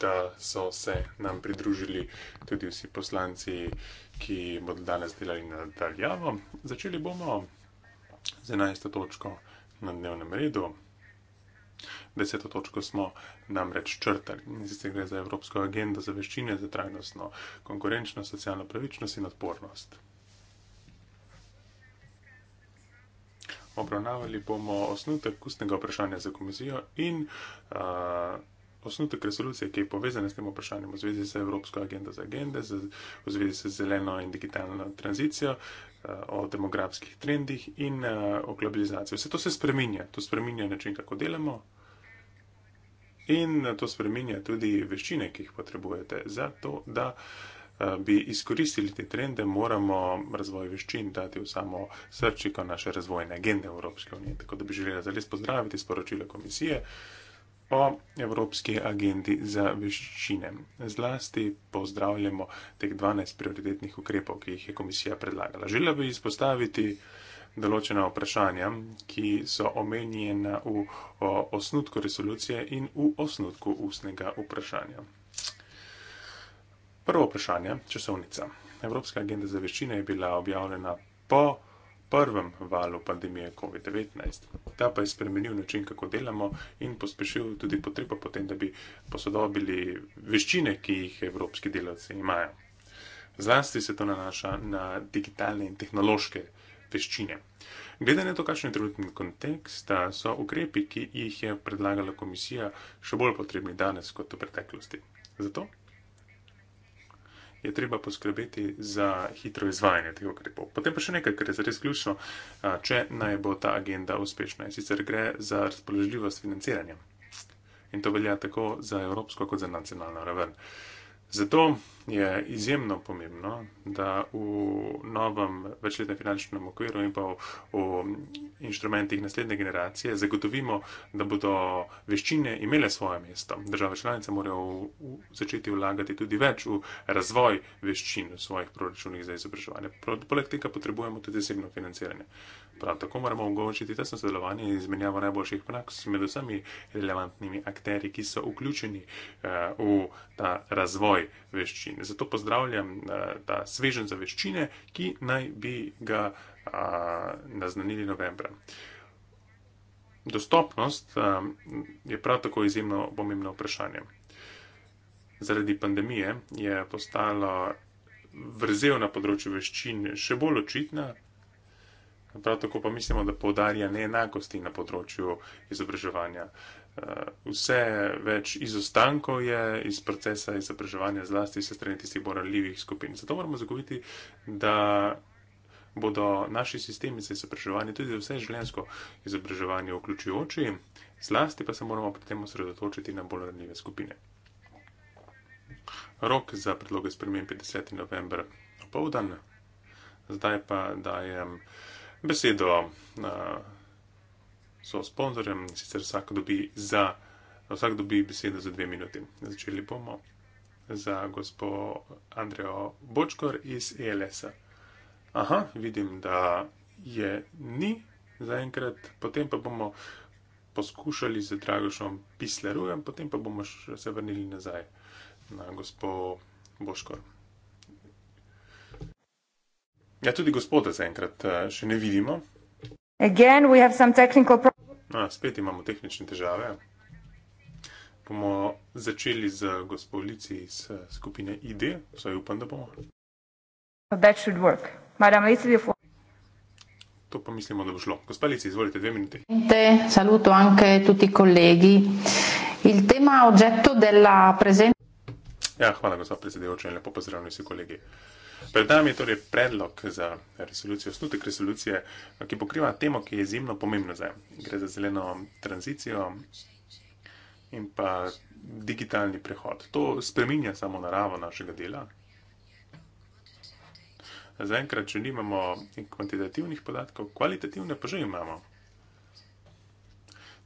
da so se nam pridružili tudi vsi poslanci, ki bodo danes delali nadaljavo. Začeli bomo z 11. točko na dnevnem redu. 10. točko smo namreč črtali. Sicer gre za Evropsko agendo za veščine, za trajnostno konkurenčnost, socialno pravičnost in odpornost. Obravnavali bomo osnutek ustnega vprašanja za komisijo in uh, Posnutek resolucije, ki je povezan s tem vprašanjem v zvezi z Evropsko agendo za agende, z, v zvezi z zeleno in digitalno tranzicijo, eh, o demografskih trendih in eh, o globalizaciji. Vse to se spreminja, to spreminja način, kako delamo in eh, to spreminja tudi veščine, ki jih potrebujete. Zato, da bi izkoristili te trende, moramo razvoj veščin dati v samo srčiko naše razvojne agende Evropske unije. Tako da bi želela zares pozdraviti sporočilo komisije o Evropski agendi za veščine. Zlasti pozdravljamo teh 12 prioritetnih ukrepov, ki jih je komisija predlagala. Želela bi izpostaviti določena vprašanja, ki so omenjena v osnutku resolucije in v osnutku ustnega vprašanja. Prvo vprašanje, časovnica. Evropska agenda za veščine je bila objavljena po prvem valu pandemije COVID-19. Ta pa je spremenil način, kako delamo in pospešil tudi potrebo potem, da bi posodobili veščine, ki jih evropski delavci imajo. Zlasti se to nanaša na digitalne in tehnološke veščine. Glede na to, kakšen je trenutni kontekst, so ukrepi, ki jih je predlagala komisija, še bolj potrebni danes kot v preteklosti. Zato je treba poskrbeti za hitro izvajanje teh ukrepov. Potem pa še nekaj, kar je zares ključno, če naj bo ta agenda uspešna in sicer gre za razpoložljivost financiranja. In to velja tako za evropsko kot za nacionalno raven. Zato je izjemno pomembno, da v novem večletnem finančnem okviru in pa v, v inštrumentih naslednje generacije zagotovimo, da bodo veščine imele svoje mesto. Države članice morajo v, v, začeti vlagati tudi več v razvoj veščin v svojih proračunih za izobraževanje. Poleg tega potrebujemo tudi zasebno financiranje. Prav tako moramo omogočiti tesno sodelovanje in izmenjavo najboljših praks med vsemi relevantnimi akteri, ki so vključeni eh, v ta razvoj veščin. Zato pozdravljam eh, ta svežen za veščine, ki naj bi ga eh, naznanili novembra. Dostopnost je prav tako izjemno pomembno vprašanje. Zaradi pandemije je postalo vrzel na področju veščin še bolj očitna, Prav tako pa mislimo, da povdarja neenakosti na področju izobraževanja. Eh, vse več izostankov je iz procesa izobraževanja, zlasti se strani tistih bolj ranljivih skupin. Zato moramo zagotoviti, da bodo naši sistemi za izobraževanje tudi za vse življensko izobraževanje vključujoči, zlasti pa se moramo potem osredotočiti na bolj ranljive skupine. Rok za predloge spremembe 50. november, opoldan, zdaj pa dajem besedo uh, so sponzorjem, sicer vsak dobi, za, vsak dobi besedo za dve minuti. Začeli bomo za gospo Andrejo Bočkor iz ELS-a. Aha, vidim, da je ni zaenkrat, potem pa bomo poskušali z Dragošom Pislerujem, potem pa bomo se vrnili nazaj na gospo Bočkor. Ja, tudi gospoda zaenkrat eh, še ne vidimo. Again, we have some technical problems. Spet imamo tehnične težave. Bomo začeli z gospodici iz eh, skupine ID, vsaj upam, da bomo. That should work. Madam Lisa, before... To pa mislimo, da bo šlo. Gospodici, izvolite dve minuti. Saluto anche tutti colleghi. Il tema oggetto della presenza... Ja, hvala, gospod predsedujoči, in lepo pozdravljeni vsi kolegi. Uh, Pred nami je torej predlog za resolucijo, snutek resolucije, ki pokriva temo, ki je izjemno pomembna zdaj. Gre za zeleno tranzicijo in pa digitalni prehod. To spreminja samo naravo našega dela. Zaenkrat, če nimamo kvantitativnih podatkov, kvalitativne pa že imamo.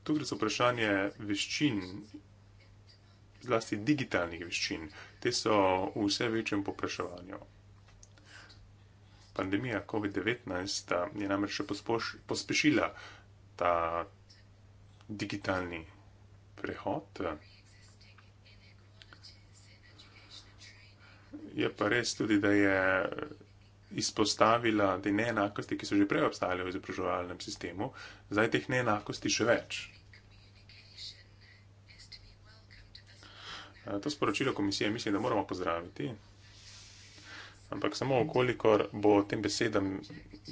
Tu gre za vprašanje veščin, zlasti digitalnih veščin. Te so v vse večjem popraševanju pandemija COVID-19 je namreč še pospoš, pospešila ta digitalni prehod. Je pa res tudi, da je izpostavila, da neenakosti, ki so že prej obstajale v izobraževalnem sistemu, zdaj teh neenakosti še več. To sporočilo komisije mislim, da moramo pozdraviti ampak samo okolikor bo tem besedam,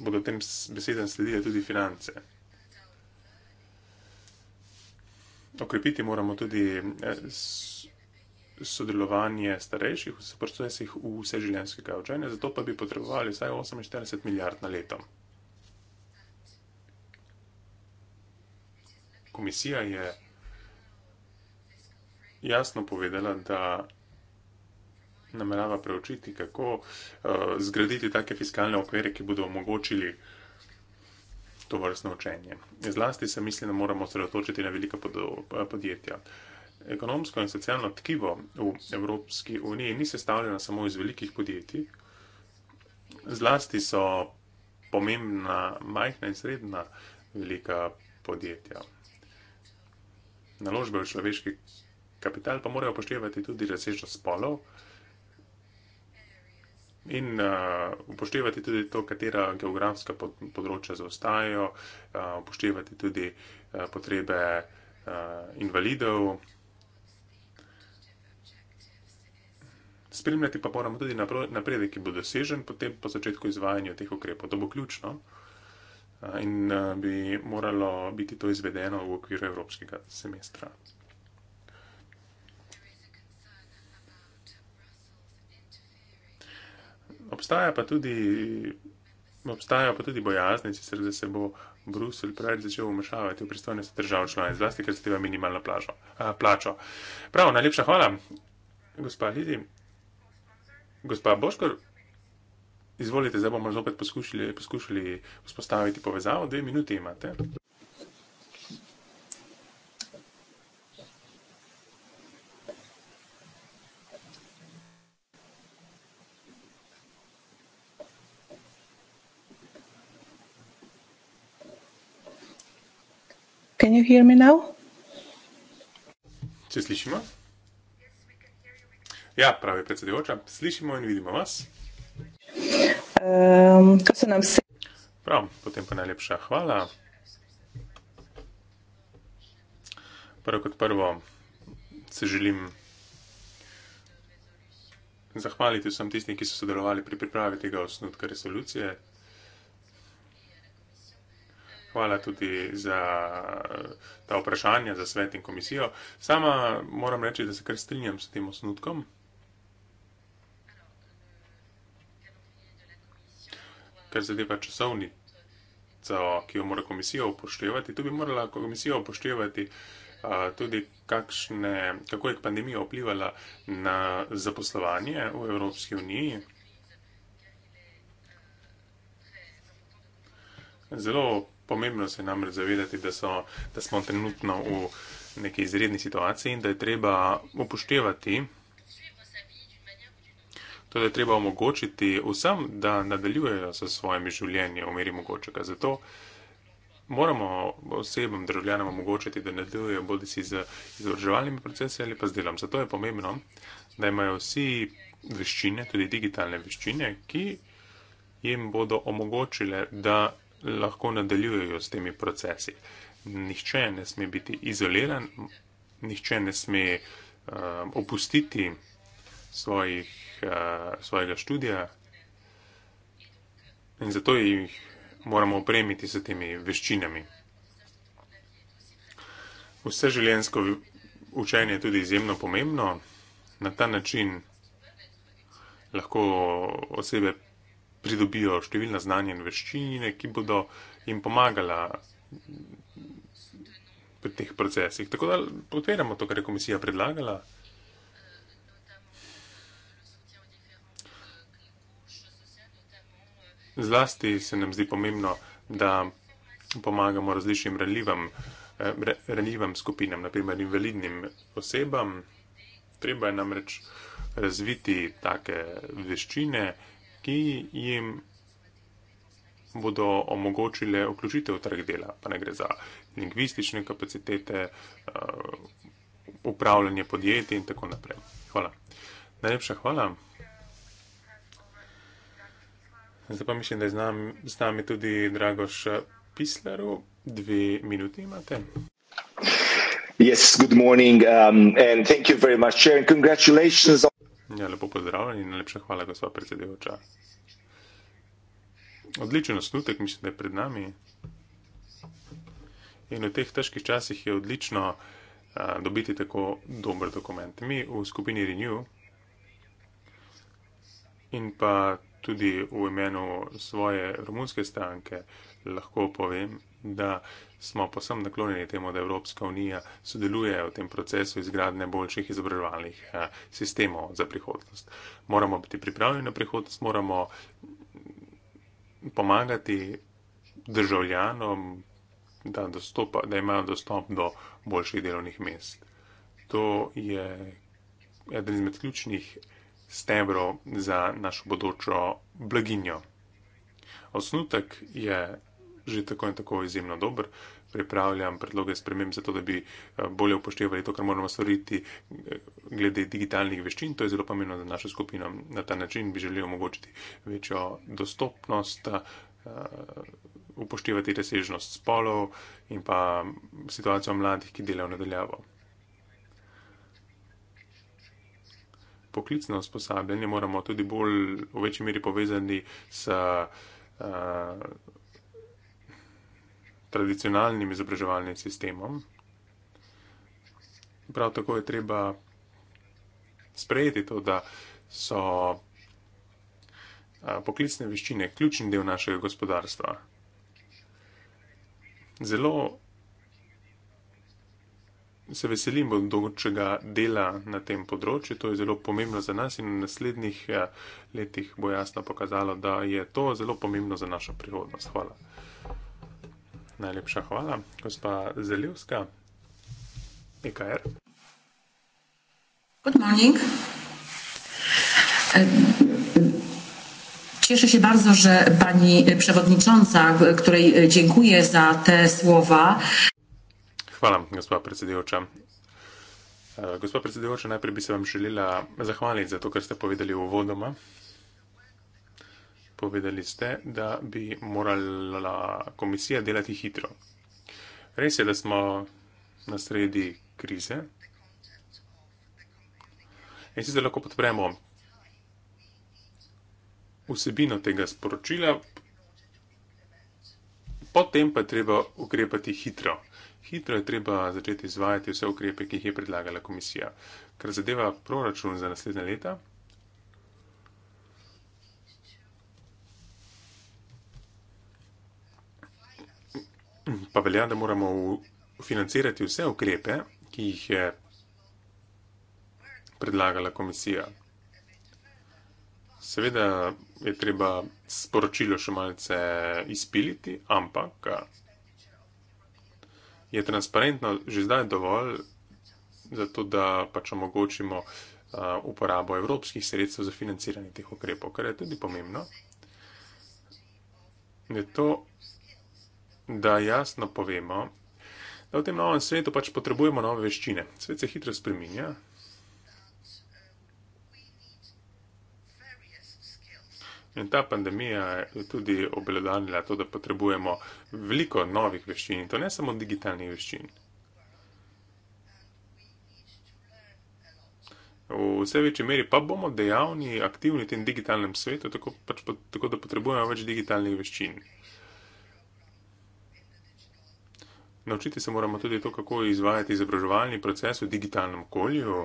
bodo tem besedam sledile tudi finance. Okrepiti moramo tudi eh, sodelovanje starejših, vse procesih v vseživljenjskega učenja, zato pa bi potrebovali vsaj 48 milijard na leto. Komisija je jasno povedala, da namerava preučiti, kako uh, zgraditi take fiskalne okvere, ki bodo omogočili to vrstno učenje. Zlasti se misli, da moramo sredotočiti na velika podjetja. Ekonomsko in socialno tkivo v Evropski uniji ni sestavljeno samo iz velikih podjetij, zlasti so pomembna majhna in srednja velika podjetja. Naložbe v človeški kapital pa morajo upoštevati tudi razsežnost spolov, uh, In uh, upoštevati tudi to, katera geografska pod, področja zaostajajo, uh, upoštevati tudi uh, potrebe uh, invalidov. Spremljati pa moramo tudi napredek, ki bo dosežen potem po začetku izvajanja teh ukrepov. To bo ključno uh, in uh, bi moralo biti to izvedeno v okviru evropskega semestra. obstaja pa tudi, obstajajo pa tudi bojaznici, da se bo Bruselj preveč začel umešavati v pristojnosti držav članic, zlasti, ker se tega minimalno plažo, a, plačo. Prav, najlepša hvala, gospa Lidi. Gospa Boškor, izvolite, zdaj bomo zopet poskušali, poskušali vzpostaviti povezavo, dve minuti imate. you hear me now? Če slišimo? Ja, pravi predsedujoča, slišimo in vidimo vas. Kako um, se nam vse? Prav, potem pa najlepša hvala. Prvo kot prvo se želim zahvaliti vsem tistim, ki so sodelovali pri pripravi tega osnutka resolucije, Hvala tudi za eh, ta vprašanja, za svet in komisijo. Sama moram reči, da se kar strinjam s tem osnutkom. Kar zadeva časovnico, ki jo mora komisija upoštevati, tu bi morala komisija upoštevati eh, tudi, kakšne, kako je pandemija vplivala na zaposlovanje v Evropski uniji. Zelo Pomembno se namreč zavedati, da, so, da smo trenutno v neki izredni situaciji in da je treba upoštevati, to, torej da je treba omogočiti vsem, da nadaljujejo s svojimi življenji v meri mogočega. Zato moramo osebam, državljanom omogočiti, da nadaljujejo bodi si z izobraževalnimi procesi ali pa z delom. Zato je pomembno, da imajo vsi veščine, tudi digitalne veščine, ki jim bodo omogočile, da lahko nadaljujejo s temi procesi. Nihče ne sme biti izoliran, nihče ne sme uh, opustiti svojih, uh, svojega študija in zato jih moramo opremiti s temi veščinami. Vse življensko učenje je tudi izjemno pomembno. Na ta način lahko osebe pridobijo številna znanja in veščine, ki bodo jim pomagala pri teh procesih. Tako da podpiramo to, kar je komisija predlagala. Zlasti se nam zdi pomembno, da pomagamo različnim ranljivim, eh, ranljivim skupinam, naprimer invalidnim osebam. Treba je namreč razviti take veščine ki jim bodo omogočile vključitev trg dela, pa ne gre za lingvistične kapacitete, eh, upravljanje podjetij in tako naprej. Hvala. Najlepša hvala. Zdaj pa mislim, da je z nami tudi Dragoš Pislaru. Dve minuti imate. Yes, good morning um, and thank you very much, Chair, and congratulations Ja, lepo pozdravljen in najlepša hvala, gospa predsedujoča. Odličen osnutek, mislim, da je pred nami. In v teh težkih časih je odlično a, dobiti tako dober dokument. Mi v skupini Renew in pa tudi v imenu svoje romunske stranke lahko povem, da smo posem naklonjeni temu, da Evropska unija sodeluje v tem procesu izgradne boljših izobraževalnih eh, sistemov za prihodnost. Moramo biti pripravljeni na prihodnost, moramo pomagati državljanom, da, dostopa, da imajo dostop do boljših delovnih mest. To je eden izmed ključnih stebrov za našo bodočo blaginjo. Osnutek je že tako in tako izjemno dober, pripravljam predloge sprememb za to, da bi eh, bolje upoštevali to, kar moramo storiti eh, glede digitalnih veščin. To je zelo pomembno za našo skupino. Na ta način bi želeli omogočiti večjo dostopnost, eh, upoštevati razsežnost spolov in pa situacijo mladih, ki delajo nadaljavo. Poklicno usposabljanje moramo tudi bolj v večji meri povezati s uh, tradicionalnim izobraževalnim sistemom. Prav tako je treba sprejeti to, da so poklicne veščine ključni del našega gospodarstva. Zelo se veselim bodočega dela na tem področju, to je zelo pomembno za nas in v naslednjih letih bo jasno pokazalo, da je to zelo pomembno za našo prihodnost. Hvala. Najlepša hvala, gospa Zelivska, PKR. E Good morning. E, cieszę się bardzo, że pani przewodnicząca, której dziękuję za te słowa. Hvala, gospa predsedujoča. E, gospa predsedujoča, najprej bi se vam želela zahvaliti za to, kar ste povedali uvodoma, Povedali ste, da bi morala komisija delati hitro. Res je, da smo na sredi krize. In sicer lahko podpremo vsebino tega sporočila, potem pa je treba ukrepati hitro. Hitro je treba začeti izvajati vse ukrepe, ki jih je predlagala komisija. Kar zadeva proračun za naslednje leta, pa velja, da moramo financirati vse ukrepe, ki jih je predlagala komisija. Seveda je treba sporočilo še malce izpiliti, ampak je transparentno že zdaj dovolj, zato da pač omogočimo uporabo evropskih sredstev za financiranje teh ukrepov, kar je tudi pomembno. Je to da jasno povemo, da v tem novem svetu pač potrebujemo nove veščine. Svet se hitro spreminja. In ta pandemija je tudi obelodanila to, da potrebujemo veliko novih veščin, in to ne samo digitalnih veščin. V vse večji meri pa bomo dejavni, aktivni v tem digitalnem svetu, tako, pač, tako da potrebujemo več digitalnih veščin. Naučiti se moramo tudi to, kako izvajati izobraževalni proces v digitalnem okolju.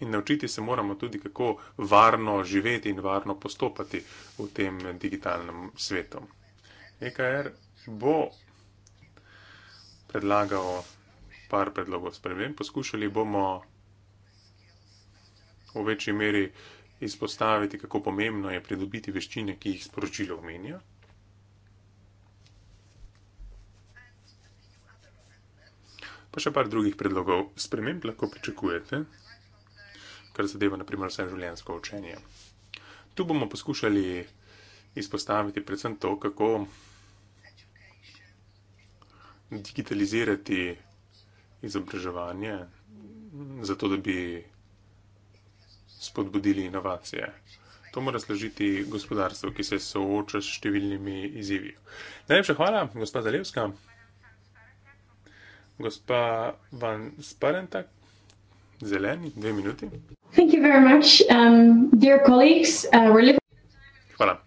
In naučiti se moramo tudi, kako varno živeti in varno postopati v tem digitalnem svetu. EKR er bo predlagal par predlogov sprememb. Poskušali bomo v večji meri izpostaviti, kako pomembno je pridobiti veščine, ki jih sporočilo omenja. pa še par drugih predlogov. Sprememb lahko pričakujete, kar zadeva naprimer vse življenjsko učenje. Tu bomo poskušali izpostaviti predvsem to, kako digitalizirati izobraževanje, zato da bi spodbudili inovacije. To mora služiti gospodarstvo, ki se sooča s številnimi izzivi. Najlepša hvala, gospod Zalevska gospa Van Sparentak, zeleni, dve minuti. Um, uh, Hvala.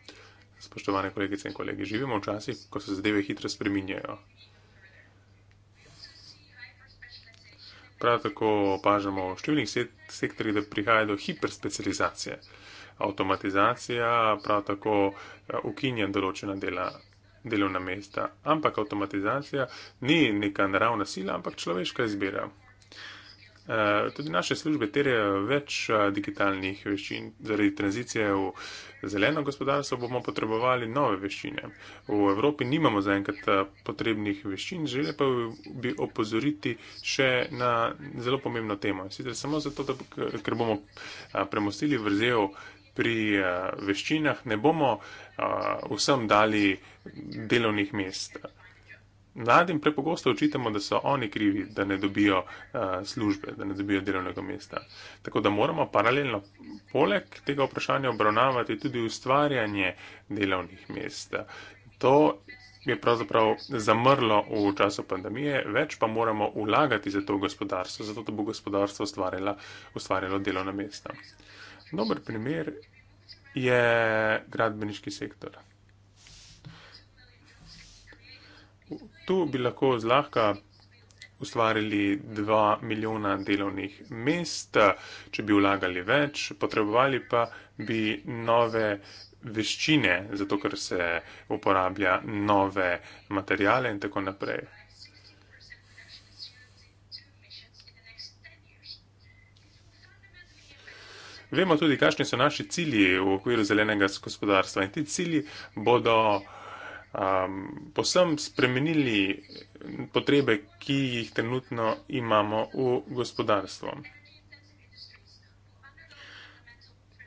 Spoštovane kolegice in kolegi, živimo v časih, ko se zadeve hitro spreminjajo. Prav tako opažamo v številnih sektorjih, da prihaja do hiperspecializacije. Avtomatizacija, prav tako uh, ukinjen določena dela delovna mesta, ampak avtomatizacija ni neka naravna sila, ampak človeška izbira. Eh, tudi naše službe terjajo več eh, digitalnih veščin. Zaradi tranzicije v zeleno gospodarstvo bomo potrebovali nove veščine. V Evropi nimamo zaenkrat eh, potrebnih veščin, želel pa bi opozoriti še na zelo pomembno temo. Sicer samo zato, da, ker bomo premostili vrzel pri uh, veščinah, ne bomo uh, vsem dali delovnih mest. Mladim prepogosto očitamo, da so oni krivi, da ne dobijo uh, službe, da ne dobijo delovnega mesta. Tako da moramo paralelno poleg tega vprašanja obravnavati tudi ustvarjanje delovnih mest. To je pravzaprav zamrlo v času pandemije, več pa moramo vlagati za to gospodarstvo, zato da bo gospodarstvo ustvarjalo delovna mesta. Dober primer je gradbeniški sektor. Tu bi lahko zlahka ustvarili 2 milijona delovnih mest, če bi vlagali več, potrebovali pa bi nove veščine, zato ker se uporablja nove materijale in tako naprej. Vemo tudi, kakšni so naši cilji v okviru zelenega gospodarstva in ti cilji bodo um, posem spremenili potrebe, ki jih trenutno imamo v gospodarstvu.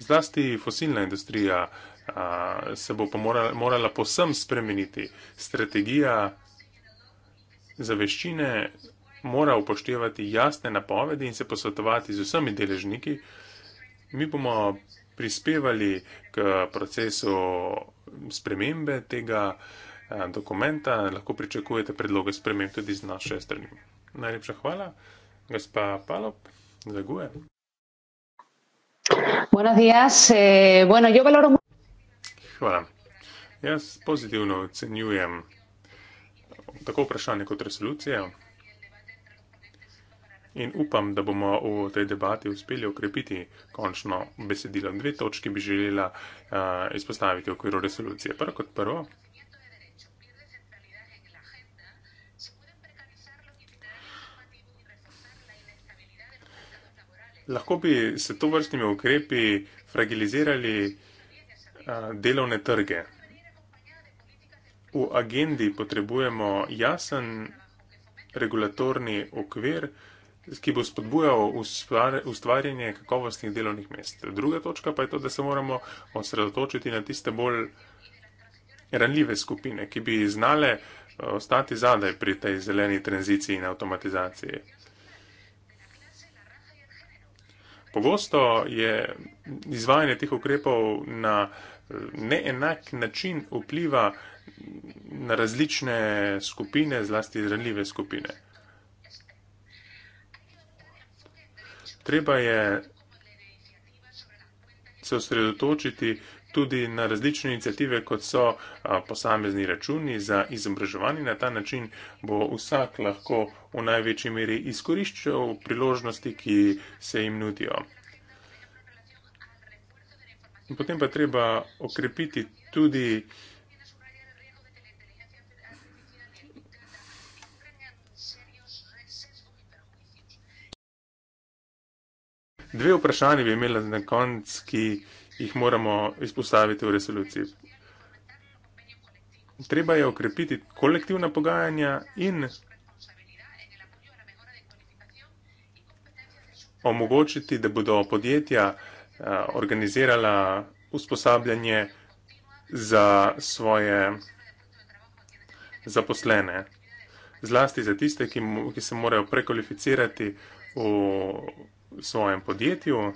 Zlasti fosilna industrija a, uh, se bo morala, morala posem spremeniti. Strategija za veščine mora upoštevati jasne napovedi in se posvetovati z vsemi deležniki, mi bomo prispevali k procesu spremembe tega eh, dokumenta. Lahko pričakujete predloge sprememb tudi z naše strani. Najlepša hvala, gospa Palop, za guje. Eh, hvala. Jaz pozitivno ocenjujem tako vprašanje kot resolucijo in upam, da bomo v tej debati uspeli okrepiti končno besedilo. Dve točki bi želela uh, izpostaviti v okviru resolucije. Prvo kot prvo. Lahko bi se to vrstnimi ukrepi fragilizirali uh, delovne trge. V agendi potrebujemo jasen regulatorni okvir, uh, ki bo spodbujal ustvarjanje kakovostnih delovnih mest. Druga točka pa je to, da se moramo osredotočiti na tiste bolj ranljive skupine, ki bi znale eh, ostati zadaj pri tej zeleni tranziciji in avtomatizaciji. Pogosto je izvajanje teh ukrepov na eh, neenak način vpliva na različne skupine, zlasti ranljive skupine. Treba je se osredotočiti tudi na različne inicijative, kot so posamezni računi za izobraževanje. Na ta način bo vsak lahko v največji meri izkoriščal priložnosti, ki se jim nudijo. In potem pa treba okrepiti tudi. Dve vprašanje bi imela na koncu, ki jih moramo izpostaviti v resoluciji. Treba je okrepiti kolektivna pogajanja in omogočiti, da bodo podjetja eh, organizirala usposabljanje za svoje zaposlene. Zlasti za tiste, ki, ki se morajo prekvalificirati v svojem podjetju.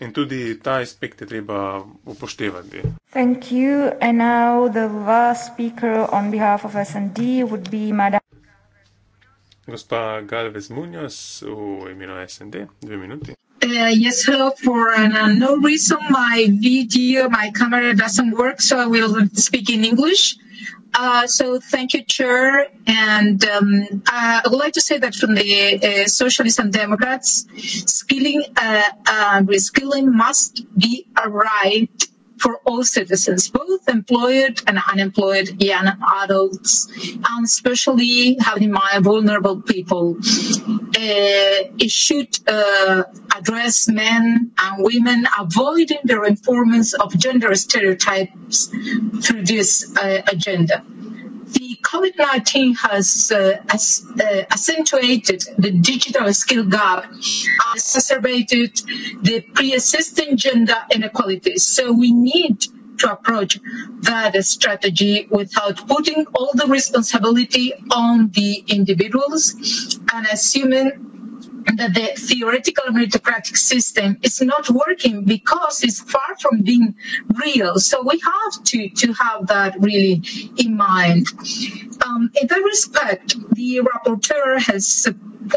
In tudi ta aspekt je treba upoštevati. Thank you. And now the last speaker on behalf of SND would be Madame. Gospa Galvez Munoz v imenu SND, dve minuti. Uh, yes, hello. For an uh, unknown reason, my video, my camera doesn't work, so I will speak in English. Uh, so, thank you, Chair. And um, uh, I would like to say that from the uh, Socialists and Democrats, skilling and uh, uh, reskilling must be a right for all citizens, both employed and unemployed young adults, and especially having my vulnerable people. Uh, it should uh, address men and women, avoiding the reinforcement of gender stereotypes through this uh, agenda. COVID 19 has uh, as, uh, accentuated the digital skill gap, exacerbated the pre existing gender inequalities. So we need to approach that strategy without putting all the responsibility on the individuals and assuming that the theoretical meritocratic system is not working because it's far from being real. So we have to, to have that really in mind. Um, in that respect, the rapporteur has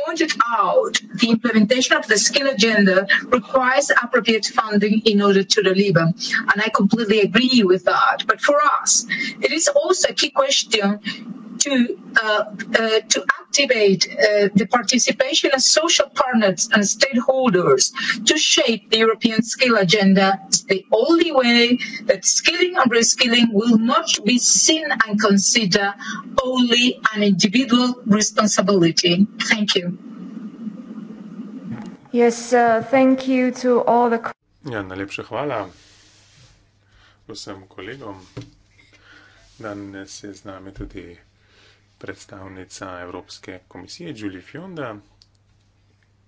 pointed out the implementation of the skill agenda requires appropriate funding in order to deliver. And I completely agree with that. But for us, it is also a key question to uh, uh, to activate uh, the participation of social partners and stakeholders to shape the European skill agenda is the only way that skilling and reskilling will not be seen and considered only an individual responsibility. Thank you. Yes, uh, thank you to all the. Ja, najlepša hvala vsem kolegom. Danes je z nami tudi predstavnica Evropske komisije Julie Fionda.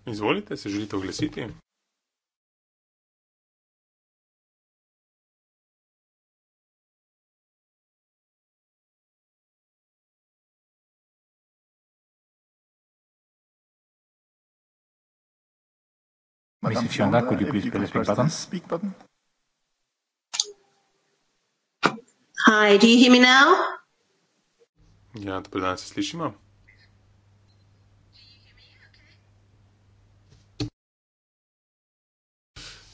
Izvolite, se želite oglasiti? Mrs. Fionda, could you please press, press the speak button? Speak button? Hi, do you hear me now? Ja, dobro, da se slišimo.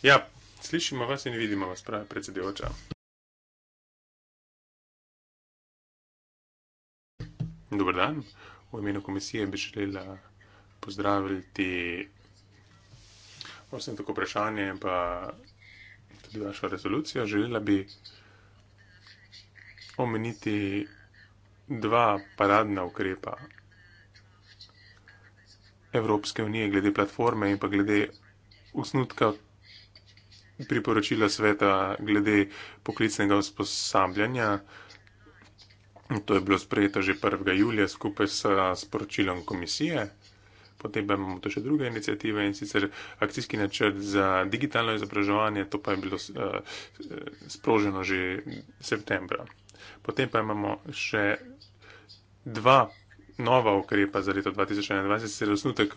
Ja, slišimo vas in vidimo vas, pravi predsedujoča. Dobro dan. V imenu komisije bi želela pozdraviti vse tako vprašanje in pa tudi vašo rezolucijo. Želela bi omeniti dva paradna ukrepa Evropske unije glede platforme in pa glede usnutka priporočila sveta glede poklicnega usposabljanja. To je bilo sprejeto že 1. julija skupaj s sporočilom komisije. Potem imamo to še druge inicijative in sicer akcijski načrt za digitalno izobraževanje, to pa je bilo eh, eh, sproženo že septembra. Potem pa imamo še dva nova ukrepa za leto 2021, sicer osnutek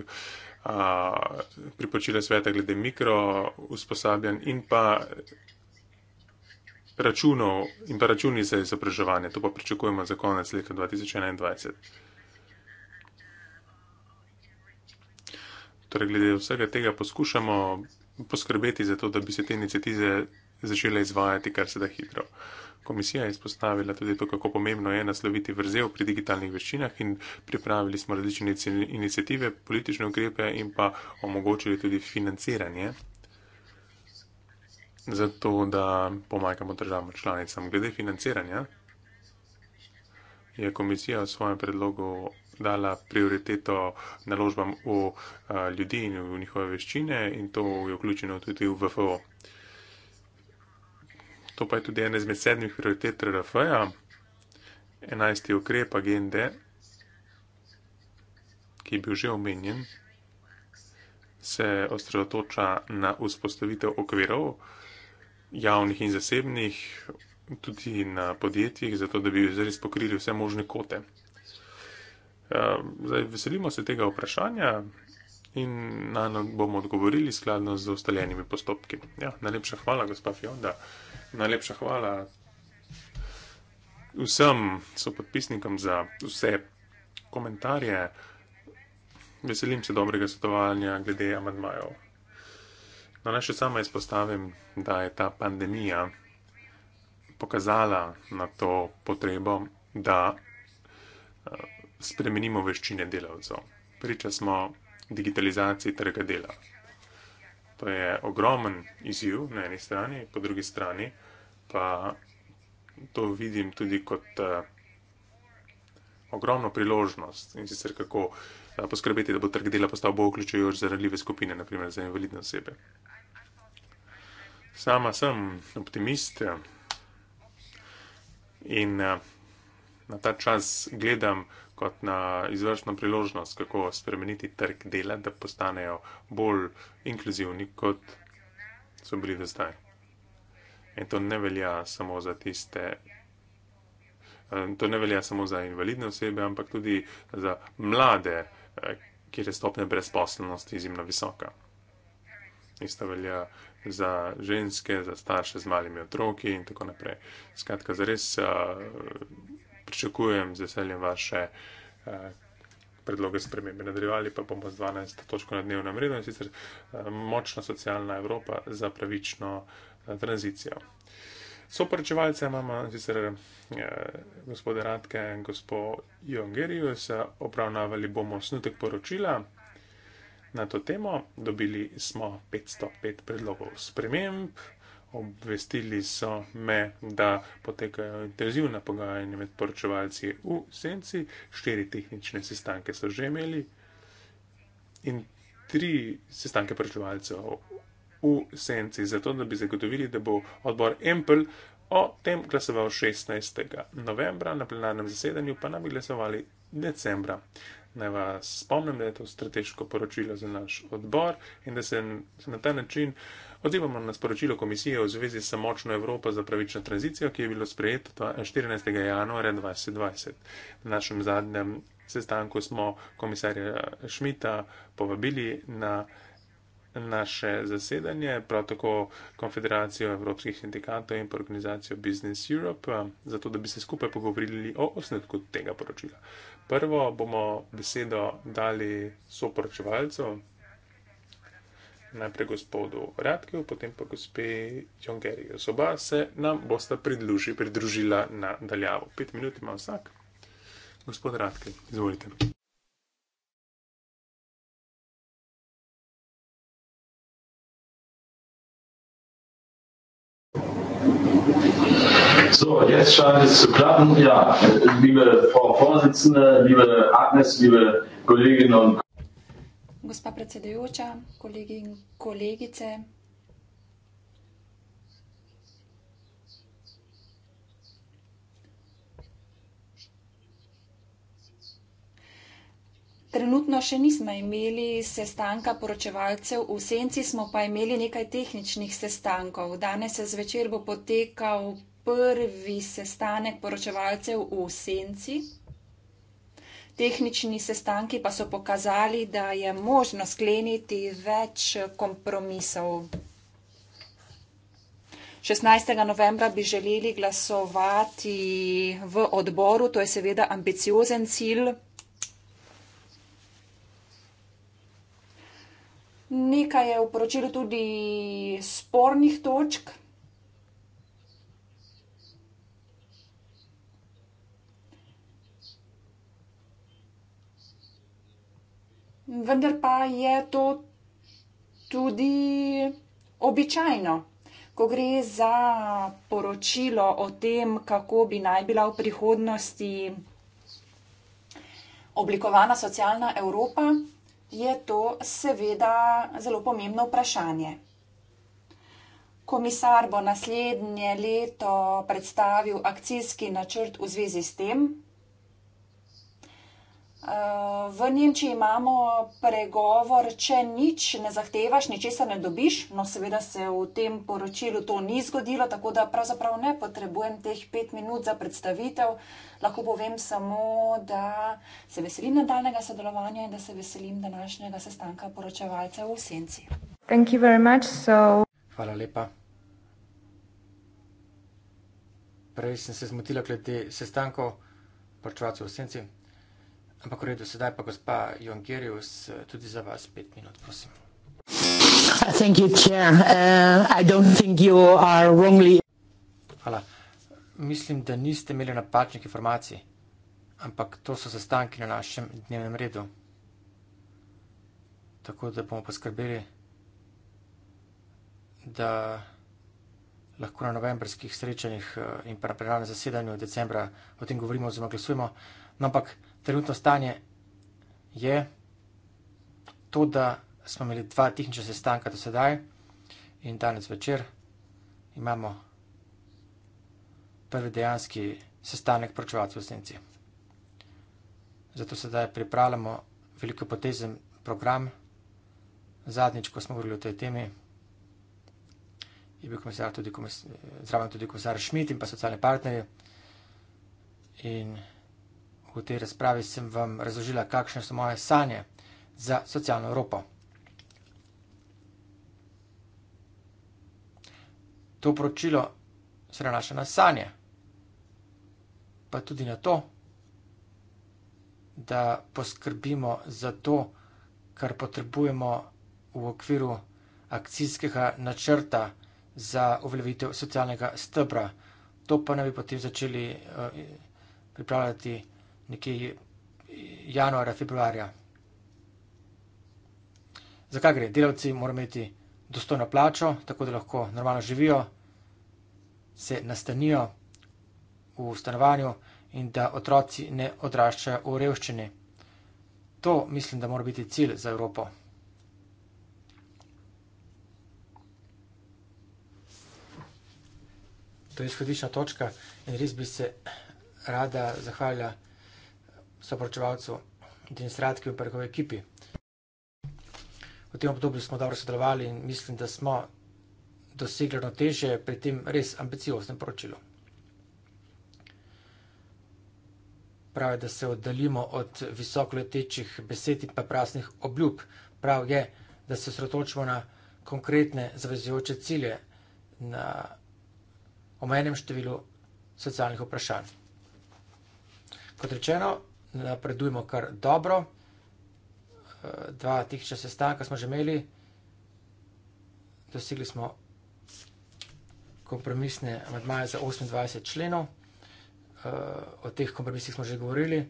a, pripočila sveta glede mikro usposabljan in pa računov in pa računi za izobraževanje. To pa pričakujemo za konec leta 2021. Torej, glede vsega tega poskušamo poskrbeti za to, da bi se te inicijative začela izvajati kar se da hitro. Komisija je izpostavila tudi to, kako pomembno je nasloviti vrzel pri digitalnih veščinah in pripravili smo različne inicijative, politične ukrepe in pa omogočili tudi financiranje za to, da pomagamo državam članicam. Glede financiranja je komisija v svojem predlogu dala prioriteto naložbam v eh, ljudi in v njihove veščine in to je vključeno tudi v VFO. To pa je tudi ena izmed sedmih prioritet RRF-ja, enajsti ukrep agende, ki je bil že omenjen, se osredotoča na vzpostavitev okvirov javnih in zasebnih, tudi na podjetjih, zato da bi zares pokrili vse možne kote. Ehm, zdaj, veselimo se tega vprašanja in na njo bomo odgovorili skladno z ustaljenimi postopki. Ja, najlepša hvala, gospa Fionda. Najlepša hvala vsem sopodpisnikom za vse komentarje. Veselim se dobrega svetovanja glede amandmajev. No, naj še sama izpostavim, da je ta pandemija pokazala na to potrebo, da eh, spremenimo veščine delavcev. Priča smo digitalizaciji trga dela. To je ogromen izjiv na eni strani, po drugi strani pa to vidim tudi kot eh, ogromno priložnost in sicer kako eh, poskrbeti, da bo trg dela postal bolj vključujoč za ranljive skupine, naprimer za invalidne osebe. Sama sem optimist eh, in na ta čas gledam kot na izvršno priložnost, kako spremeniti trg dela, da postanejo bolj inkluzivni, kot so bili do zdaj. In to ne velja samo za tiste, eh, to ne velja samo za invalidne osebe, ampak tudi za mlade, eh, kjer je stopnja brezposelnosti izjemno visoka. Isto velja za ženske, za starše z malimi otroki in tako naprej. Skratka, za res. Uh, eh, pričakujem z veseljem vaše eh, predloge spremembe. Nadaljevali pa bomo z 12. točko na dnevnem redu in sicer eh, močna socialna Evropa za pravično eh, tranzicijo. Soporočevalce imamo sicer eh, gospode Radke in gospod Jongerius, obravnavali bomo snutek poročila na to temo, dobili smo 505 predlogov sprememb, Obvestili so me, da potekajo intenzivna pogajanja med poročevalci v senci, štiri tehnične sestanke so že imeli in tri sestanke poročevalcev v senci, zato da bi zagotovili, da bo odbor Empel o tem glasoval 16. novembra, na plenarnem zasedanju pa naj bi glasovali decembra. Naj vas spomnim, da je to strateško poročilo za naš odbor in da se na ta način odzivamo na sporočilo komisije v zvezi s močno Evropo za pravično tranzicijo, ki je bilo sprejeto 14. januarja 2020. Na našem zadnjem sestanku smo komisarja Šmita povabili na naše zasedanje, prav tako Konfederacijo evropskih sindikatov in organizacijo Business Europe, eh, zato da bi se skupaj pogovorili o osnutku tega poročila. Prvo bomo besedo dali soporočevalcu, najprej gospodu Radkev, potem pa gospe Jongeriju. Soba se nam bosta pridluži, pridružila na daljavo. Pet minut ima vsak. Gospod Radkev, izvolite. So, jetzt scheint es zu klappen. Ja, liebe Frau Vorsitzende, liebe Agnes, liebe Kolleginnen und Gospa predsedujoča, kolegi in kolegice. Trenutno še nismo imeli sestanka poročevalcev, v senci smo pa imeli nekaj tehničnih sestankov. Danes se zvečer bo potekal prvi sestanek poročevalcev v senci. Tehnični sestanki pa so pokazali, da je možno skleniti več kompromisov. 16. novembra bi želeli glasovati v odboru, to je seveda ambiciozen cilj. Nekaj je v poročilu tudi spornih točk. vendar pa je to tudi običajno. Ko gre za poročilo o tem, kako bi naj bila v prihodnosti oblikovana socialna Evropa, je to seveda zelo pomembno vprašanje. Komisar bo naslednje leto predstavil akcijski načrt v zvezi s tem, Eh, v Nemčiji imamo pregovor, če nič ne zahtevaš, ničesar ne dobiš. No, seveda se v tem poročilu to ni zgodilo, tako da pravzaprav ne potrebujem teh pet minut za predstavitev. Lahko povem samo, da se veselim nadaljnega sodelovanja in da se veselim današnjega sestanka poročevalcev v Senci. So... Hvala lepa. Prej sem se zmotila glede sestankov poročevalcev v Senci. Ampak v redu, sedaj pa gospa Junkerius, eh, tudi za vas pet minut, prosim. Uh, Hvala. Mislim, da niste imeli napačnih informacij, ampak to so sestanki na našem dnevnem redu. Tako da bomo poskrbeli, da lahko na novembrskih srečanjih eh, in pa na plenarnem zasedanju decembra o tem govorimo oziroma glasujemo. No, ampak trenutno stanje je to, da smo imeli dva tehnična sestanka do sedaj in danes večer imamo prvi dejanski sestanek pročevalcev v senci. Zato sedaj pripravljamo veliko potezen program. Zadnjič, ko smo govorili o tej temi, je bil komisar tudi komisar, zraven tudi komisar Šmit in pa socialni partnerji. In V tej razpravi sem vam razložila, kakšne so moje sanje za socialno Evropo. To poročilo se nanaša na sanje, pa tudi na to, da poskrbimo za to, kar potrebujemo v okviru akcijskega načrta za uveljavitev socialnega stebra. To pa ne bi potem začeli eh, pripravljati nekje januarja, februarja. Zakaj gre? Delavci morajo imeti dostojno plačo, tako da lahko normalno živijo, se nastanijo v stanovanju in da otroci ne odraščajo v revščini. To mislim, da mora biti cilj za Evropo. To je izhodišna točka in res bi se rada zahvalila soporočevalcu in administratki in prekovi ekipi. V tem obdobju smo dobro sodelovali in mislim, da smo dosegli ravnotežje pri tem res ambicioznem poročilu. Pravi, da se oddaljimo od visokoletečih besed in pa prasnih obljub. Prav je, da se sretočimo na konkretne zavezujoče cilje na omenjenem številu socialnih vprašanj. Kot rečeno, napredujemo kar dobro. Eh, dva tihča sestanka smo že imeli, dosegli smo kompromisne amadmaje za 28 členov, eh, o teh kompromisih smo že govorili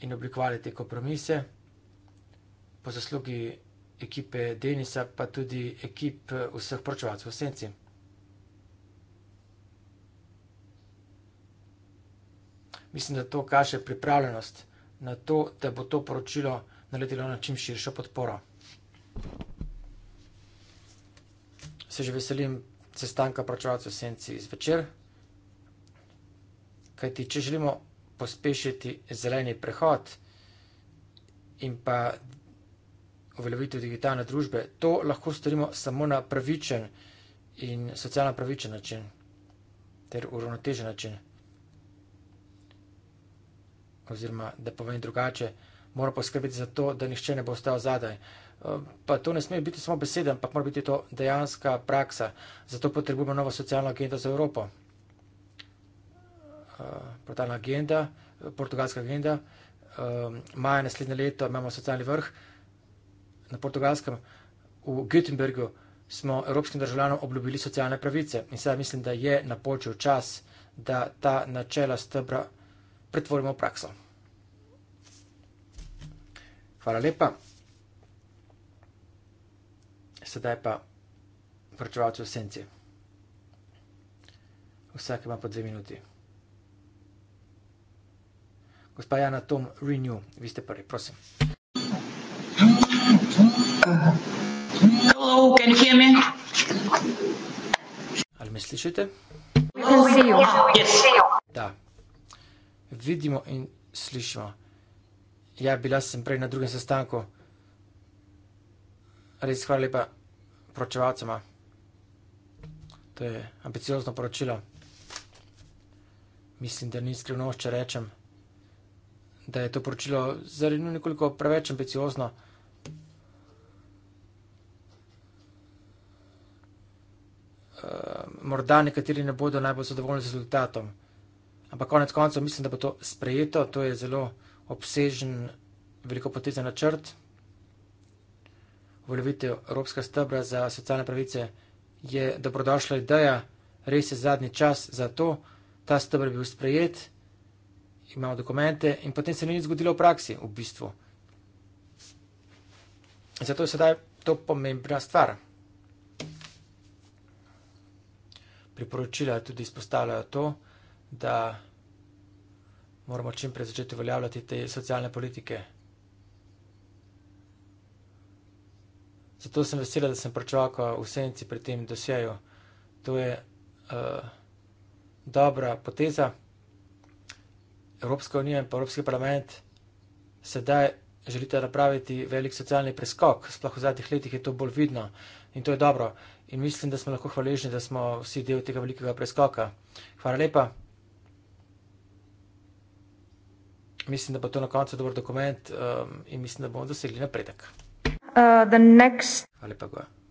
in oblikovali te kompromise. Po zaslugi ekipe Denisa pa tudi ekip eh, vseh pročevalcev v Senci. mislim, da to kaže pripravljenost na to, da bo to poročilo naletelo na čim širšo podporo. Se že veselim sestanka pročevalcev senci zvečer, kajti če želimo pospešiti zeleni prehod in pa uveljavitev digitalne družbe, to lahko storimo samo na pravičen in socialno pravičen način ter uravnotežen način oziroma da povem drugače, mora poskrbeti za to, da nišče ne bo ostal zadaj. Eh, pa to ne sme biti samo besede, ampak mora biti to dejanska praksa. Zato potrebujemo novo socialno agendo za Evropo. Eh, portalna agenda, eh, portugalska agenda, maja naslednje leto imamo socialni vrh na portugalskem. V Gutenbergu smo evropskim državljanom obljubili socialne pravice in sedaj mislim, da je napočil čas, da ta načela stebra pretvorimo v prakso. Hvala lepa. Sedaj pa vrčevalce v senci. Vsak ima po dve minuti. Gospa Jana Tom, Renew, vi ste prvi, prosim. Hello, can you hear me? Ali me slišite? Oh, yes. Da vidimo in slišimo. Ja, bila sem prej na drugem sestanku, res hvala lepa poročevalcema. To je ambiciozno poročilo. Mislim, da ni skrivnost, če rečem, da je to poročilo zaradi nekoliko preveč ambiciozno. Morda nekateri ne bodo najbolj zadovoljni z rezultatom ampak konec koncev mislim, da bo to sprejeto, to je zelo obsežen, veliko potezen načrt. Uveljavitev Evropska stebra za socialne pravice je dobrodošla ideja, res je zadnji čas za to, ta stebr je bil sprejet, imamo dokumente in potem se ni zgodilo v praksi, v bistvu. Zato je sedaj to pomembna stvar. Priporočila tudi izpostavljajo to, da moramo čim prej začeti uveljavljati te socialne politike. Zato sem vesela, da sem pričakala v senci pri tem dosjeju. To je uh, dobra poteza. Evropska unija in pa Evropski parlament sedaj želite napraviti velik socialni preskok. Sploh v zadnjih letih je to bolj vidno in to je dobro. In mislim, da smo lahko hvaležni, da smo vsi del tega velikega preskoka. Hvala lepa. mislim, da bo to na koncu dober dokument um, in mislim, da bomo dosegli napredek. Uh, next... Ali pa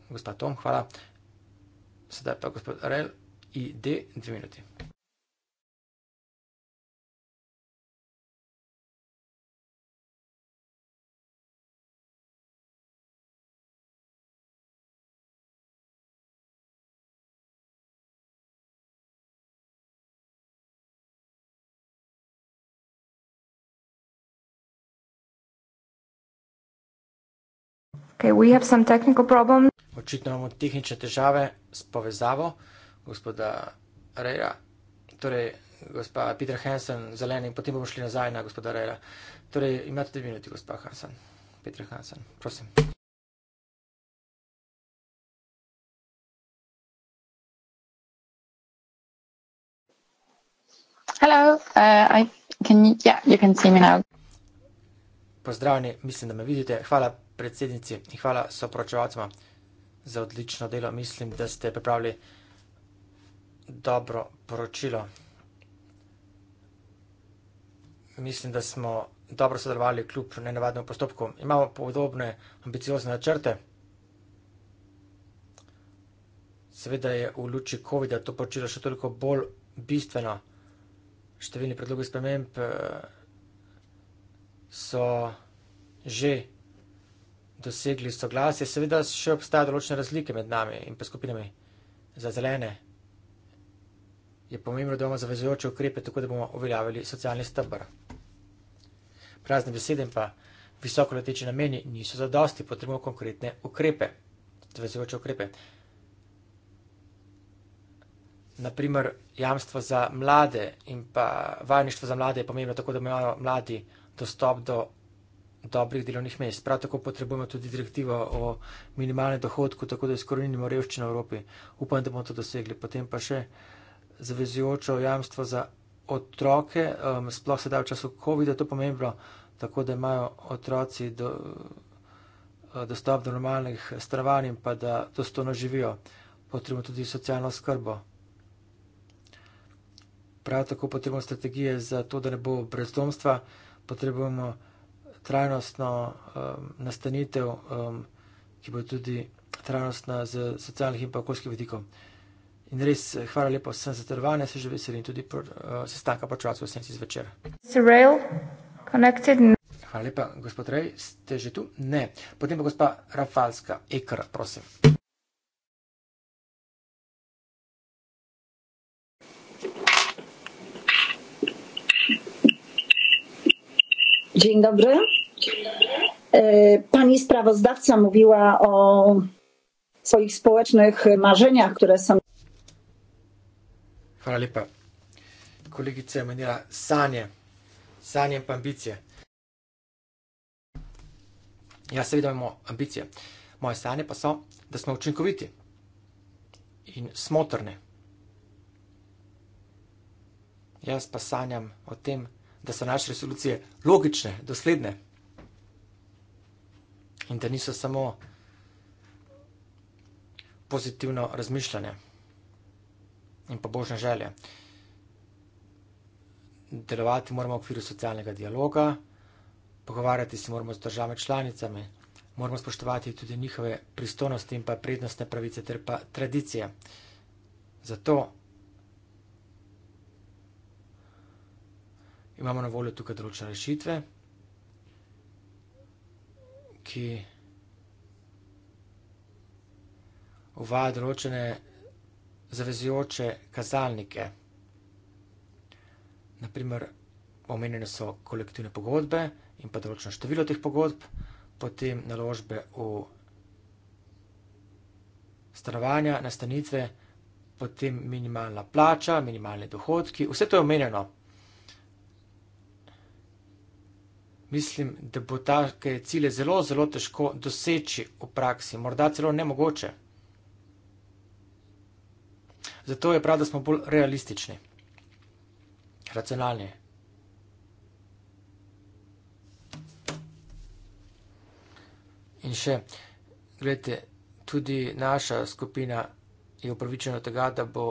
gospod Tom, hvala. Sedaj pa gospod Arel, ID dve minuti. Okay, Očitno imamo tehnične težave s povezavo gospoda Reja, torej gospa Peter Hansen, zeleni, potem bomo šli nazaj na gospoda Reja. Torej, imate dve minuti, gospa Hansen. Peter Hansen, prosim. Hello, uh, I can, yeah, you can see me now. Pozdravljeni, mislim, da me vidite. Hvala, predsednici in hvala soporočevalcema za odlično delo. Mislim, da ste pripravili dobro poročilo. Mislim, da smo dobro sodelovali kljub nenavadnemu postopku. Imamo podobne ambiciozne načrte. Seveda je v luči COVID-a to poročilo še toliko bolj bistveno. Številni predlogi sprememb eh, so že dosegli soglasje, seveda še obstajajo določene razlike med nami in pa skupinami. Za zelene je pomembno, da imamo zavezujoče ukrepe, tako da bomo uveljavili socialni stebr. Prazne besede in pa visoko leteči nameni niso zadosti, potrebujemo konkretne ukrepe, zavezujoče ukrepe. Naprimer, jamstvo za mlade in pa vajništvo za mlade je pomembno, tako da imajo mladi dostop do dobrih delovnih mest. Prav tako potrebujemo tudi direktivo o minimalnem dohodku, tako da izkorenimo revščino v Evropi. Upam, da bomo to dosegli. Potem pa še zavezujočo jamstvo za otroke, um, sploh sedaj v času COVID-a, to pomembno, tako da imajo otroci do, uh, dostop do normalnih stravanj in pa da dostojno živijo. Potrebujemo tudi socialno skrbo. Prav tako potrebujemo strategije za to, da ne bo brezdomstva. Potrebujemo trajnostno um, nastanitev, um, ki bo tudi trajnostna z socialnih in pa okoljskih vidikov. In res, eh, hvala lepa vsem za trvanje, se že veselim tudi uh, sestanka po času v senci zvečer. Hvala lepa, gospod Rej, ste že tu? Ne. Potem pa gospa Rafalska, ekra, prosim. Dzień dobry. E, pani sprawozdawca mówiła o swoich społecznych marzeniach, które są. Hvala lepa. Kolegica je menila sanje, sanje pa ambicije. Ja, seveda imamo ambicije. Moje sanje pa so, da smo učinkoviti in smotrni. Jaz pa sanjam o tem, da da so naše resolucije logične, dosledne in da niso samo pozitivno razmišljanje in pa božne želje. Delovati moramo v okviru socialnega dialoga, pogovarjati se moramo z državami članicami, moramo spoštovati tudi njihove pristojnosti in pa prednostne pravice ter pa tradicije. Zato imamo na voljo tukaj določene rešitve, ki uvaja določene zavezujoče kazalnike. Naprimer, omenjene so kolektivne pogodbe in pa določeno število teh pogodb, potem naložbe v stanovanja, nastanitve, potem minimalna plača, minimalne dohodki, vse to je omenjeno. mislim, da bo take cilje zelo, zelo težko doseči v praksi, morda celo nemogoče. Zato je prav, da smo bolj realistični, racionalni. In še, gledajte, tudi naša skupina je upravičena tega, da bo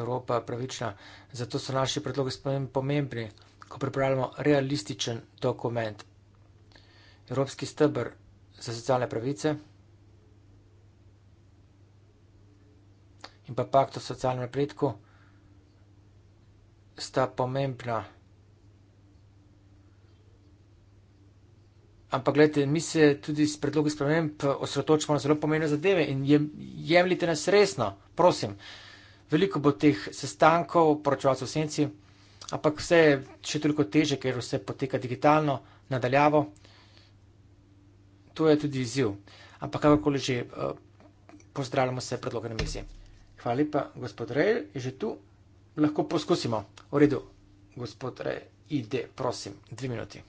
Evropa pravična, zato so naši predlogi spomembni ko pripravljamo realističen dokument. Evropski stebr za socialne pravice in pa pakt o socialnem napredku sta pomembna. Ampak, gledajte, mi se tudi s predlogi sprememb osredotočamo na zelo pomembne zadeve in jemljite nas resno, prosim. Veliko bo teh sestankov, poročevalcev v senci ampak vse je še toliko teže, ker vse poteka digitalno, nadaljavo. To je tudi izziv. Ampak kakorkoli že, eh, pozdravljamo vse predloge na mizi. Hvala lepa, gospod Rejl, je že tu, lahko poskusimo. V redu, gospod Rejl, ide, prosim, dve minuti.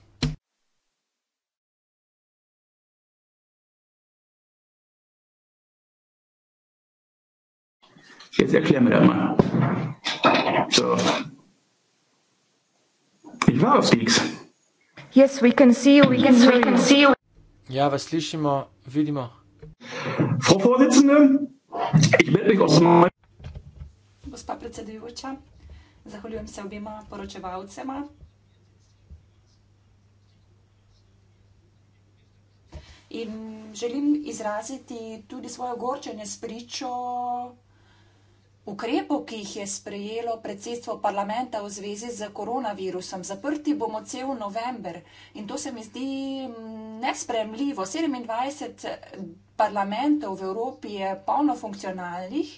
Če zaklemramo. Ich war auf Speaks. Yes, we can see you. We can, yes, we can see you. Ja, was слышимо, видимо. Frau Vorsitzende, ich melde mich aus dem. Gospa predsedujoča, zahvaljujem se obima poročevalcema. In želim izraziti tudi svoje ogorčenje s pričo Ukrepov, ki jih je sprejelo predsedstvo parlamenta v zvezi z koronavirusom, zaprti bomo cel november in to se mi zdi mm, nespremljivo. 27 eh, parlamentov v Evropi je polno funkcionalnih,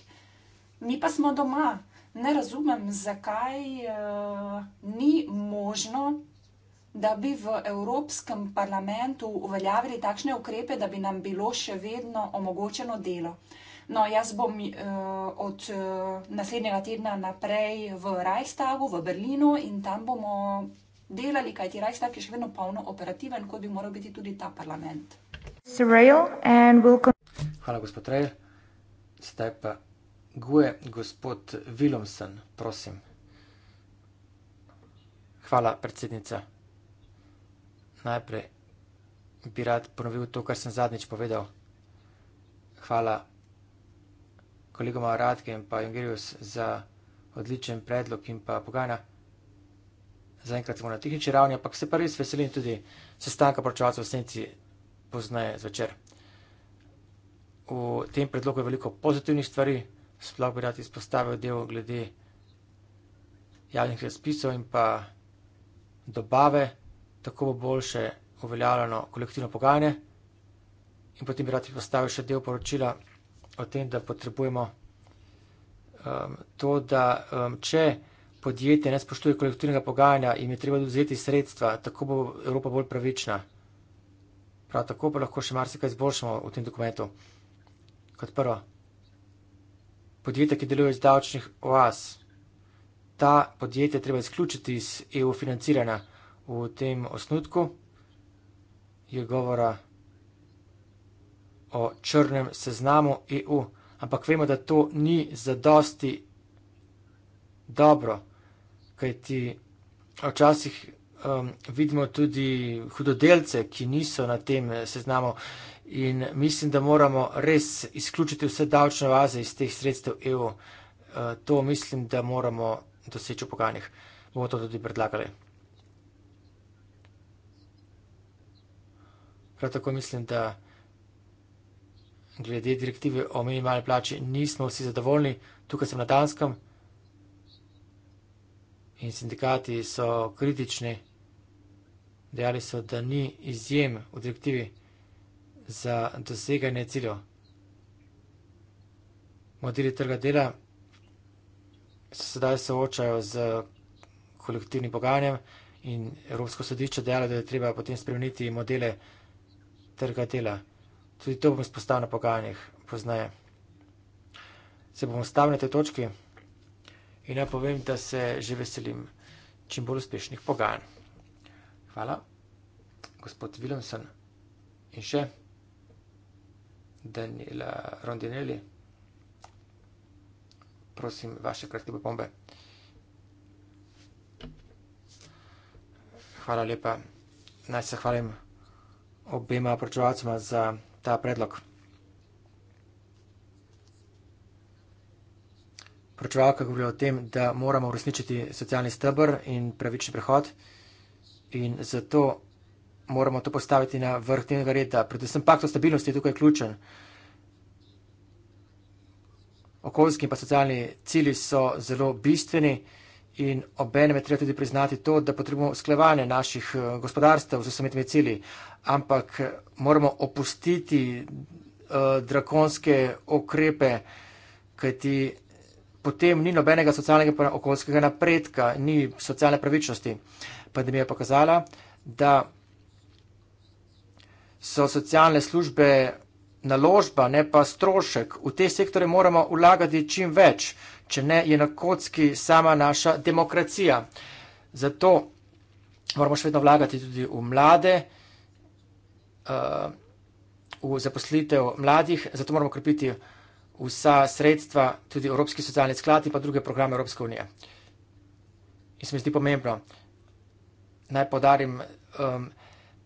mi pa smo doma. Ne razumem, zakaj uh, ni možno, da bi v Evropskem parlamentu uveljavili takšne ukrepe, da bi nam bilo še vedno omogočeno delo. No, jaz bom uh, od uh, naslednjega tedna naprej v Rajstavu, v Berlinu in tam bomo delali, kajti Rajstav je še vedno polno operativen, kot bi moral biti tudi ta parlament. Hvala, gospod Rajl. Zdaj pa guje gospod Willemsen, prosim. Hvala, predsednica. Najprej bi rad ponovil to, kar sem zadnjič povedal. Hvala kolegoma Radke in pa Jungerius za odličen predlog in pa pogajna. Zaenkrat smo na tehnični ravni, ampak se pa res veselim tudi sestanka poročevalcev v senci poznaje zvečer. V tem predlogu je veliko pozitivnih stvari, sploh bi rad izpostavil del glede javnih razpisov in pa dobave, tako bo boljše uveljavljeno kolektivno pogajanje. In potem bi rad izpostavil še del poročila o tem, da potrebujemo um, to, da um, če podjetje ne spoštuje kolektivnega pogajanja, jim je treba vzeti sredstva, tako bo Evropa bolj pravična. Prav tako pa lahko še marsikaj izboljšamo v tem dokumentu. Kot prvo, podjetja, ki delujejo iz davčnih oaz, ta podjetja treba izključiti iz EU financiranja v tem osnutku. Je govora o črnem seznamu EU, ampak vemo, da to ni za dosti dobro, kajti včasih um, vidimo tudi hudodelce, ki niso na tem seznamu in mislim, da moramo res izključiti vse davčne vaze iz teh sredstev EU. Uh, to mislim, da moramo doseči v pogajanjih. Bomo to tudi predlagali. Prav tako mislim, da glede direktive o minimalni plači nismo vsi zadovoljni. Tukaj sem na Danskem in sindikati so kritični. Dejali so, da ni izjem v direktivi za doseganje ciljev. Modeli trga dela se sedaj soočajo z kolektivnim pogajanjem in Evropsko sodišče dejalo, da je treba potem spremeniti modele trga dela. Tudi to bom spostavil na pogajanjih pozneje. Se bom stavil na te točke in naj povem, da se že veselim čim bolj uspešnih pogajanj. Hvala, gospod Williamson in še Daniela Rondinelli. Prosim, vaše kratke pripombe. Hvala lepa. Naj se hvalim obema proučevalcema za ta predlog. Pročevalka govori o tem, da moramo uresničiti socialni stebr in pravični prehod in zato moramo to postaviti na vrh tega reda. Predvsem pakt o stabilnosti je tukaj ključen. Okoljski in pa socialni cilji so zelo bistveni. In obenem je treba tudi priznati to, da potrebujemo sklevanje naših eh, gospodarstev z vsemi temi cili, ampak eh, moramo opustiti uh, drakonske okrepe, kajti potem ni nobenega socialnega in okoljskega napredka, ni socialne pravičnosti. Pandemija je pokazala, da so socialne službe naložba, ne pa strošek. V te sektore moramo vlagati čim več. Uh, če ne je na kocki sama naša demokracija. Zato moramo še vedno vlagati tudi v mlade, eh, v zaposlitev mladih, zato moramo krepiti vsa sredstva, tudi Evropski socialni sklad in pa druge programe Evropske unije. In se mi zdi pomembno, naj podarim, um,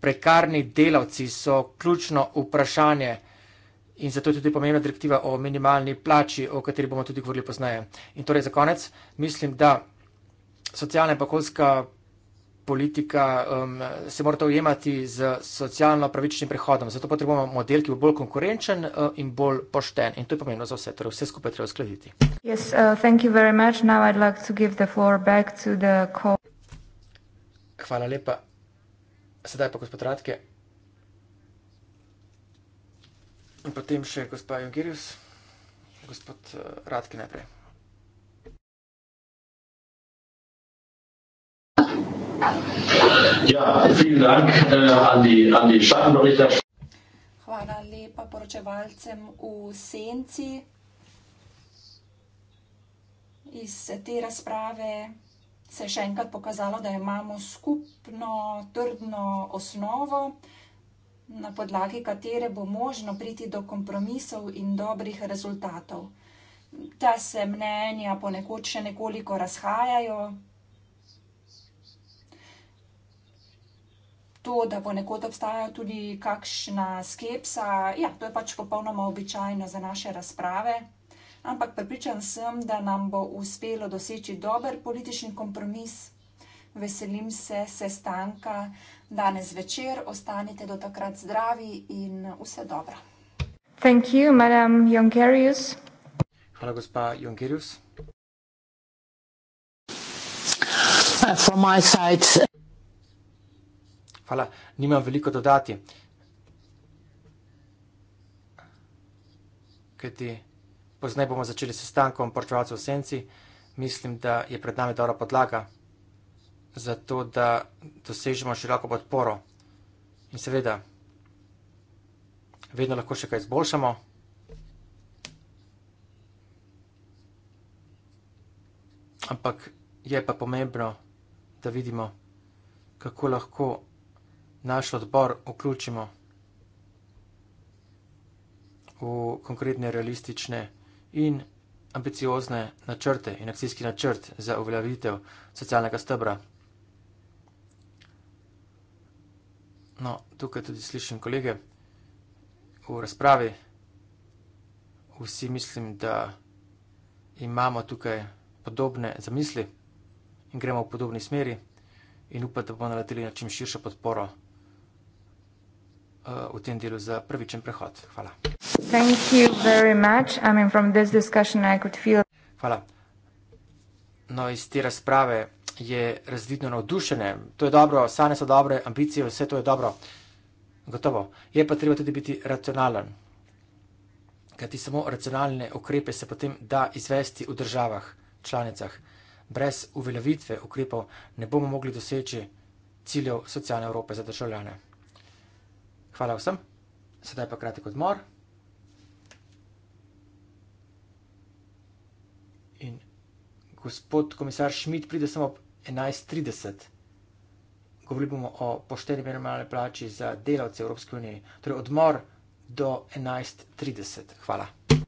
prekarni delavci so ključno vprašanje, In zato je tudi pomembna direktiva o minimalni plači, o kateri bomo tudi govorili poznaje. In torej za konec, mislim, da socialna in okoljska politika um, se mora to ujemati z socialno pravičnim prehodom. Zato potrebujemo model, ki bo bolj konkurenčen uh, in bolj pošten. In to je pomembno za vse. Torej vse skupaj treba uskladiti. Yes, uh, like Hvala lepa. Sedaj pa gospod Radke. In potem še gospa Jungirius, gospod eh, Radki najprej. Ja, vielen Dank äh, an die, an die Schattenberichterstattung. Se je še enkrat pokazalo, da imamo skupno, trdno osnovo, na podlagi katere bo možno priti do kompromisov in dobrih rezultatov. Ta se mnenja ponekod še nekoliko razhajajo, to, da ponekod obstaja tudi kakšna skepsa, ja, to je pač popolnoma običajno za naše razprave, ampak pripričan sem, da nam bo uspelo doseči dober politični kompromis. Veselim se sestanka danes večer, ostanite do takrat zdravi in vse dobro. Thank you, madam Junkerius. Hvala, gospa Junkerius. Uh, from my side. Uh, Hvala, nimam veliko dodati. Kajti, poznaj bomo začeli s sestankom Portugalcev v Senci. Mislim, da je pred nami dobra podlaga zato da dosežemo široko podporo. In seveda, vedno lahko še kaj izboljšamo. Ampak je pa pomembno, da vidimo, kako lahko naš odbor vključimo v konkretne realistične in ambiciozne načrte in akcijski načrt za uveljavitev socialnega stebra. No, tukaj tudi slišim kolege v razpravi. Vsi mislim, da imamo tukaj podobne zamisli in gremo v podobni smeri in upam, da bomo naredili na čim širšo podporo uh, v tem delu za prvičen prehod. Hvala. I mean, Hvala. No, iz te razprave je razvidno navdušenje. To je dobro, sanje so dobre, ambicije, vse to je dobro. Gotovo. Je pa treba tudi biti racionalen. Ker ti samo racionalne ukrepe se potem da izvesti v državah, članicah. Brez uveljavitve ukrepov ne bomo mogli doseči ciljev socialne Evrope za državljane. Hvala vsem, sedaj pa kratek odmor. In gospod komisar Šmit pride samo ob 11.30. 11.30. Govorili bomo o pošteni minimalni plači za delavce Evropske unije, torej odmor do 11.30. Hvala.